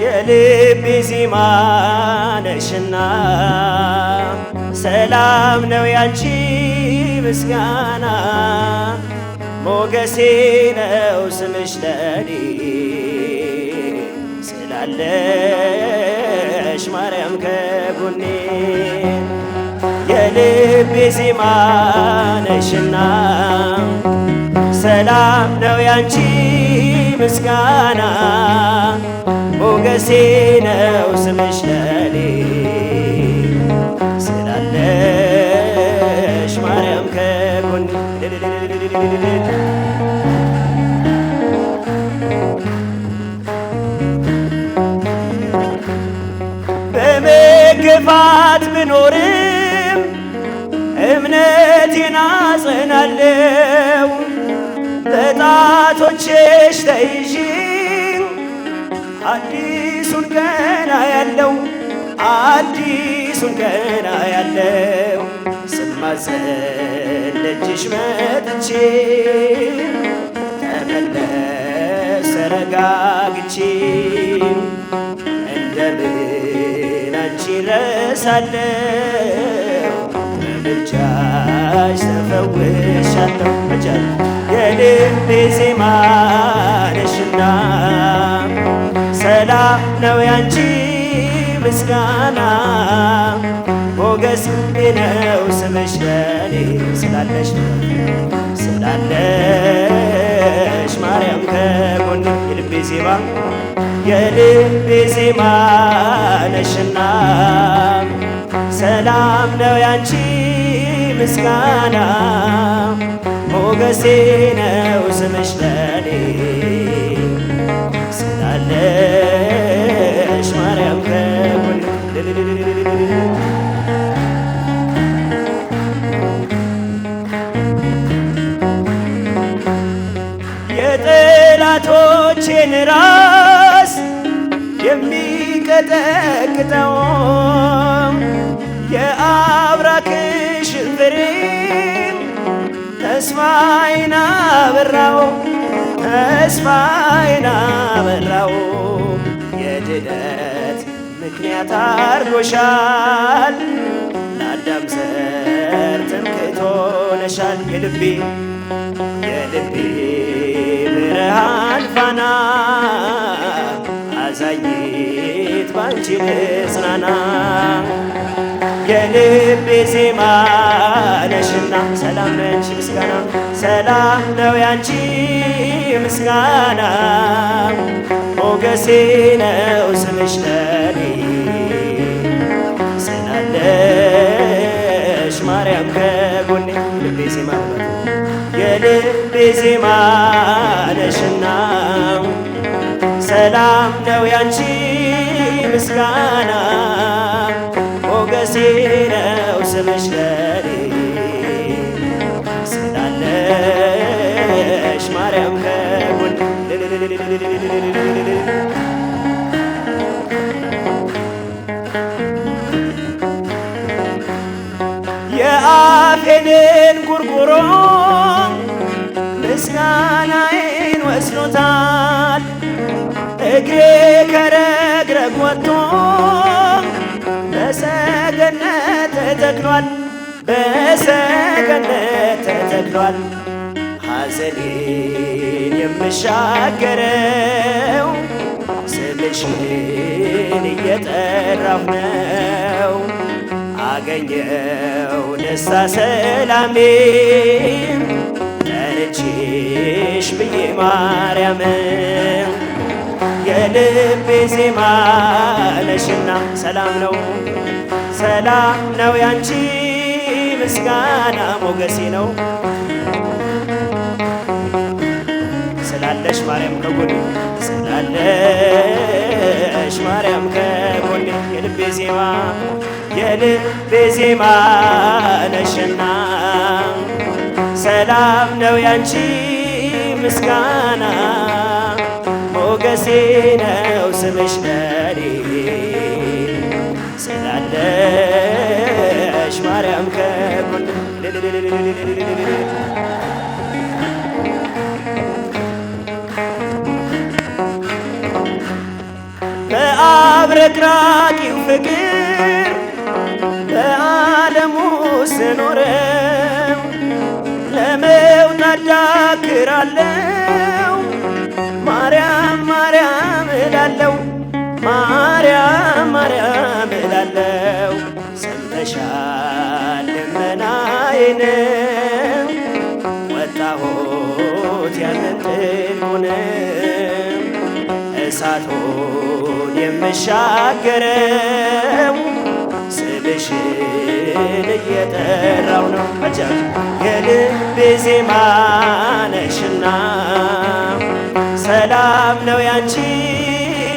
የልብ ዜማ ነሽና ሰላም ነው ያንቺ ምስጋና ሞገሴ ነው ስምሽ ለኔ ስላለሽ ማርያም ከጎኔ የልቤ ዜማ ነሽና ሰላም ነው ያንቺ ምስጋና ሞገሴ ነው ስምሽ ለኔ ስላለሽ ማርያም በመገፋት ብኖር በእጅሽ ተይዤ አዲሱን ገና ያለው አዲሱን ገና ያለው ስማዘን ለእጅሽ መጥቼ ተመለስ ተረጋግቼ እንደምን አንቺን ረሳለሁ በምልጃሽ ተፈውሻለሁ መቻል የልቤ ዜማ ነሽና ሰላም ነው ያንቺ ምስጋና ሞገስ ነው ስምሽ ለኔ ስላለሽ ስላለሽ ማርያም ከጎን የልቤ ዜማ የልቤ ዜማ ነሽና ሰላም ነው ያንቺ ምስጋና ሞገሴ ነው ስምሽ ለኔ ስላለሽ ማርያም ከጎኔ የጠላቶቼን ራስ የሚቀጠቅጠው ተስፋዬን አበራው ተስፋዬን አበራው የድነት ምክንያት አርጎሻል ለአዳም ዘር ትምክህት ሆነሻል የልቤ የልቤ ብርሃን ፋና አዛኝት ባንቺ ልጽናና የልቤ ዜማ ነሽና ሰላም ነሽ ምስጋና ሰላም ነው ያንቺ ምስጋና ሞገሴ ነው ስምሽ ለኔ ስላለሽ ማርያም ከጎኔ ልቤ ዜማ የልቤ ዜማ ነሽና ሰላም ነው ያንቺ ምስጋና ነው ስምሽ ለኔ ስላለሽ ማርያም ከጎን የአፌን ጉርጉሮ ምስጋናዬን ወስኖታል እግሬ ከረግረግ ወጥቶ ተተክሏል በሰገነት ተተክሏል ሐዘኔን የምሻገረው ስልሽን እየጠራሁ ነው። አገኘው ደስታ ሰላሜም ጠርቼሽ ብዬ ማርያምን የልቤ ዜማ ነሽና ሰላም ነው ሰላም ነው ያንቺ ምስጋና ሞገሴ ነው ስላለሽ ማርያም ከጎኔ ስላለሽ ማርያም ከጎኔ የልቤ ዜማ የልቤ ዜማ ነሽና ሰላም ነው ያንቺ ምስጋና ሞገሴ ነው ስምሽ ለኔ ስላለ ከጎን በአብረቅራቂው ፍቅር በዓለሙ ስኖረው ለመውጣት ዳክራለን የምሻገረው ስምሽን እየጠራው ነው አጃ የልቤ ዜማ ነሽና ሰላም ነው ያንቺ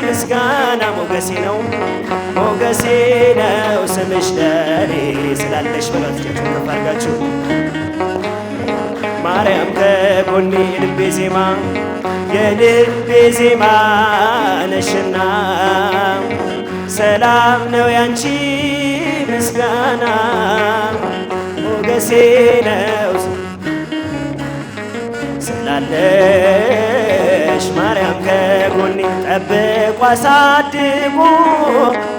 ምስጋና ሞገሴ ነው ሞገሴ ነው ስምሽ ለኔ ስላለሽ በማትጀቱ ነፋርጋችሁ ማርያም ከጎኔ የልቤ ዜማ የልቤ ዜማ ነሽና ሰላም ነው ያንቺ ምስጋና ሞገሴ ነው ስላለሽ ማርያም ከጎኔ ጠብቆ አሳድጎ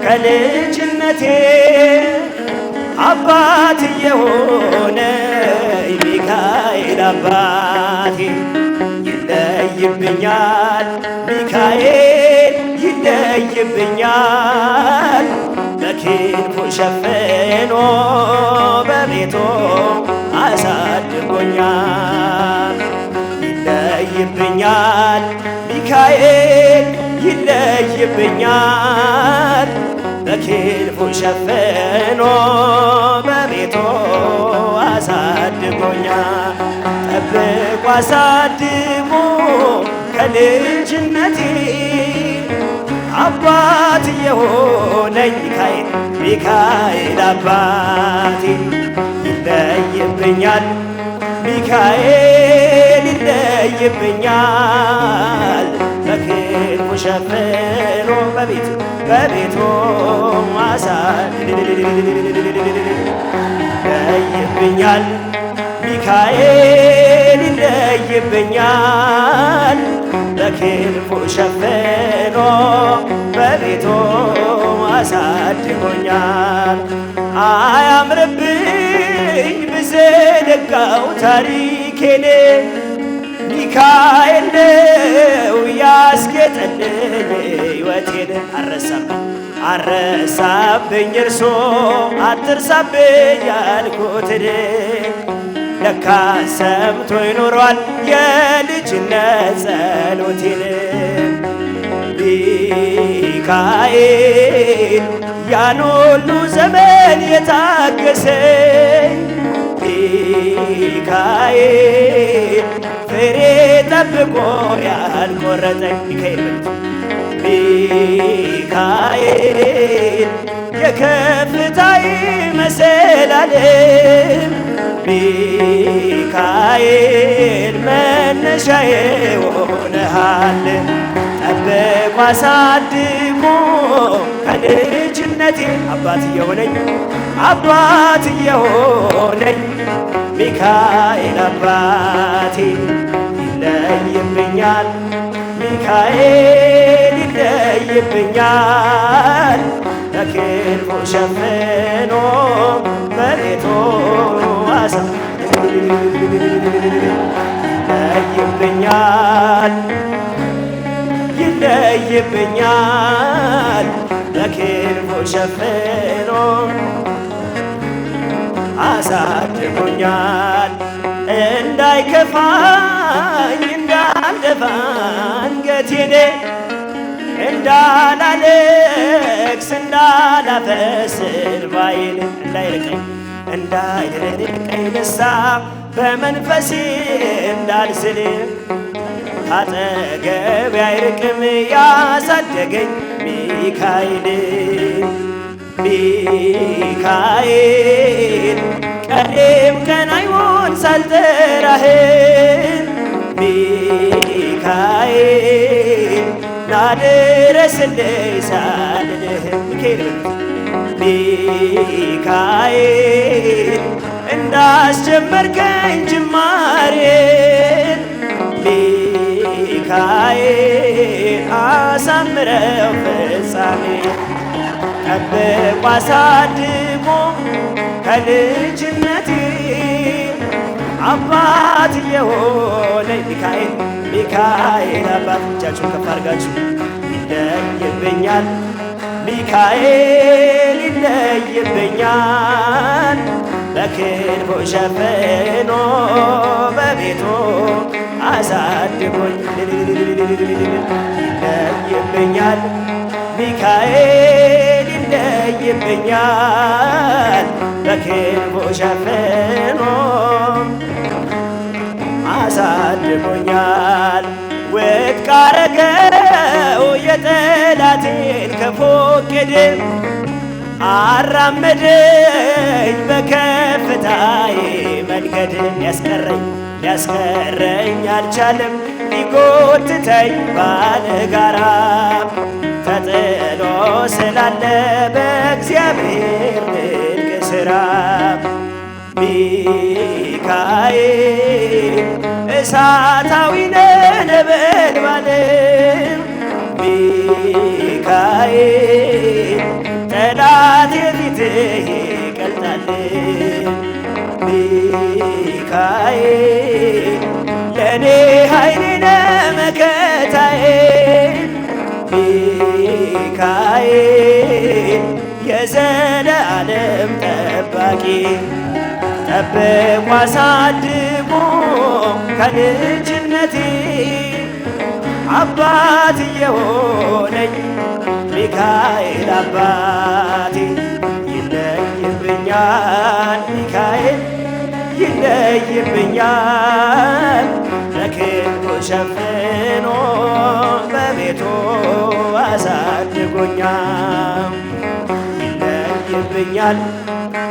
ከልጅነቴ አባት የሆነ ሚካኤል አባቴ ይለይብኛል ሚካኤል ይልክብኛል በክንፉ ሸፍኖ በቤቱ አሳድጎኛል። ይለይብኛል ሚካኤል ይለይብኛል በክንፉ ሸፍኖ በቤቱ አሳድጎኛል። ጠብቆ አሳድጎ ከልጅነቴ አባት የሆነኝ ሚካኤል ሚካኤል አባቴ ይለይብኛል ሚካኤል ይለይብኛል በክንፉ ሸፍኖ በቤቱ በቤቱ ማሳል ይለይብኛል ሚካኤል ይለይብኛል በክንፉ ሸፍኖ በቤቱ አሳድጎኛል። አያምርብኝ ደጋው ታሪኬን ሚካኤል ነው ያስጌጠልኝ ሕይወቴን። አረሳብኝ አረሳብኝ እርሶ አትርሳብኝ ያልኩትን ለካ ሰምቶ ይኖሯል የልጅነት ጸሎቴን ሚካኤል ያን ሁሉ ዘመን የታገሰኝ ሚካኤል ፍሬ ጠብቆ ያልቆረጠኝ ሚካኤል ሚካኤል የከፍታይ መሰላለም ሚካኤል መነሻዬ ሆነሃል። ጠብቆ አሳድጎ ከልጅነቴ አባት የሆነኝ አባት የሆነኝ ሚካኤል አባቴ ይለይብኛል ሚካኤል ይለይብኛል በክንፉ ሸፍኖ በቤቱ ይለይብኛል ይለይብኛል በክንፉ ሸፍኖ አሳድጎኛል እንዳይከፋኝ እንዳልደፋ አንገቴን እንዳላለ እንዳፈስር ባይን እንዳይርቀኝ እንዳይርቀኝ ንሳ በመንፈሴ እንዳልስል አጠገብ አይርቅም ያሳደገኝ ሚካኤል ሚካኤል ቀን አይሆን ሳልጠራህን ሚካኤል ናድረስልይ ሳልልህ ሚካኤል እንዳስጀመርከኝ ሚካኤል አሳምረው ፍጻሜ ጠብቆ አሳድጎ ከልጅነቴ አባት የሆነ ሚካኤል ሚካኤል አባት እጃችሁን ከፍ አድርጋችሁ ይለይብኛል ሚካኤል ይለይብኛል በክንፎ ሸፍኖ በቤቱ አሳድጎኝ ይለይብኛል ሚካኤል ይለይብኛል በክንፎ ሸፍኖ ጠላቴን ከፎቅድ ድል አራመደኝ በከፍታዬ መንገድ ሊያስቀረኝ ሊያስቀረኝ አልቻለም ሊጎትተኝ ጋራ ተጥሎ ስላለ በእግዚአብሔር ድንቅ ሥራ ሚካኤል እሳታዊ ነበልባል ሚካኤል ጠላት የፊትህ ይቀልጣል። ሚካኤል ለእኔ ኃይሌነ መከታዬ ሚካኤል የዘለዓለም ጠባቂ ጠብቆ አሳድጎ ከልጅነቴ አባት የሆነኝ ሚካኤል አባቴ ይለይብኛል ሚካኤል ይለይብኛል በክንፉ ሸፍኖ በቤቱ አሳድጎኛል። ይለይብኛል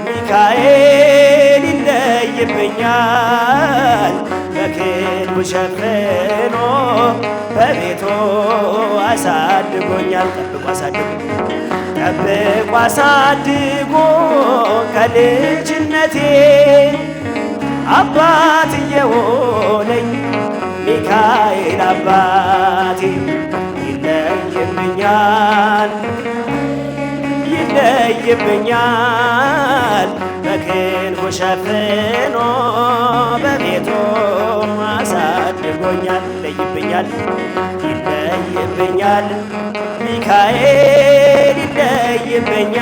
ሚካኤል ይለይብኛል በክንዱ ሸፍኖ በቤቱ አሳድጎኛል። ጠብቆ አሳድጎ ጠብቆ አሳድጎ ከልጅነቴ አባት የሆነኝ ሚካኤል አባቴ ይለይብኛል ይለይብኛል በክንፉ ሸፍኖ በቤቱ አሳድጎኛል። ይለይብኛል ይለይብኛል ሚካኤል ይለይብኛል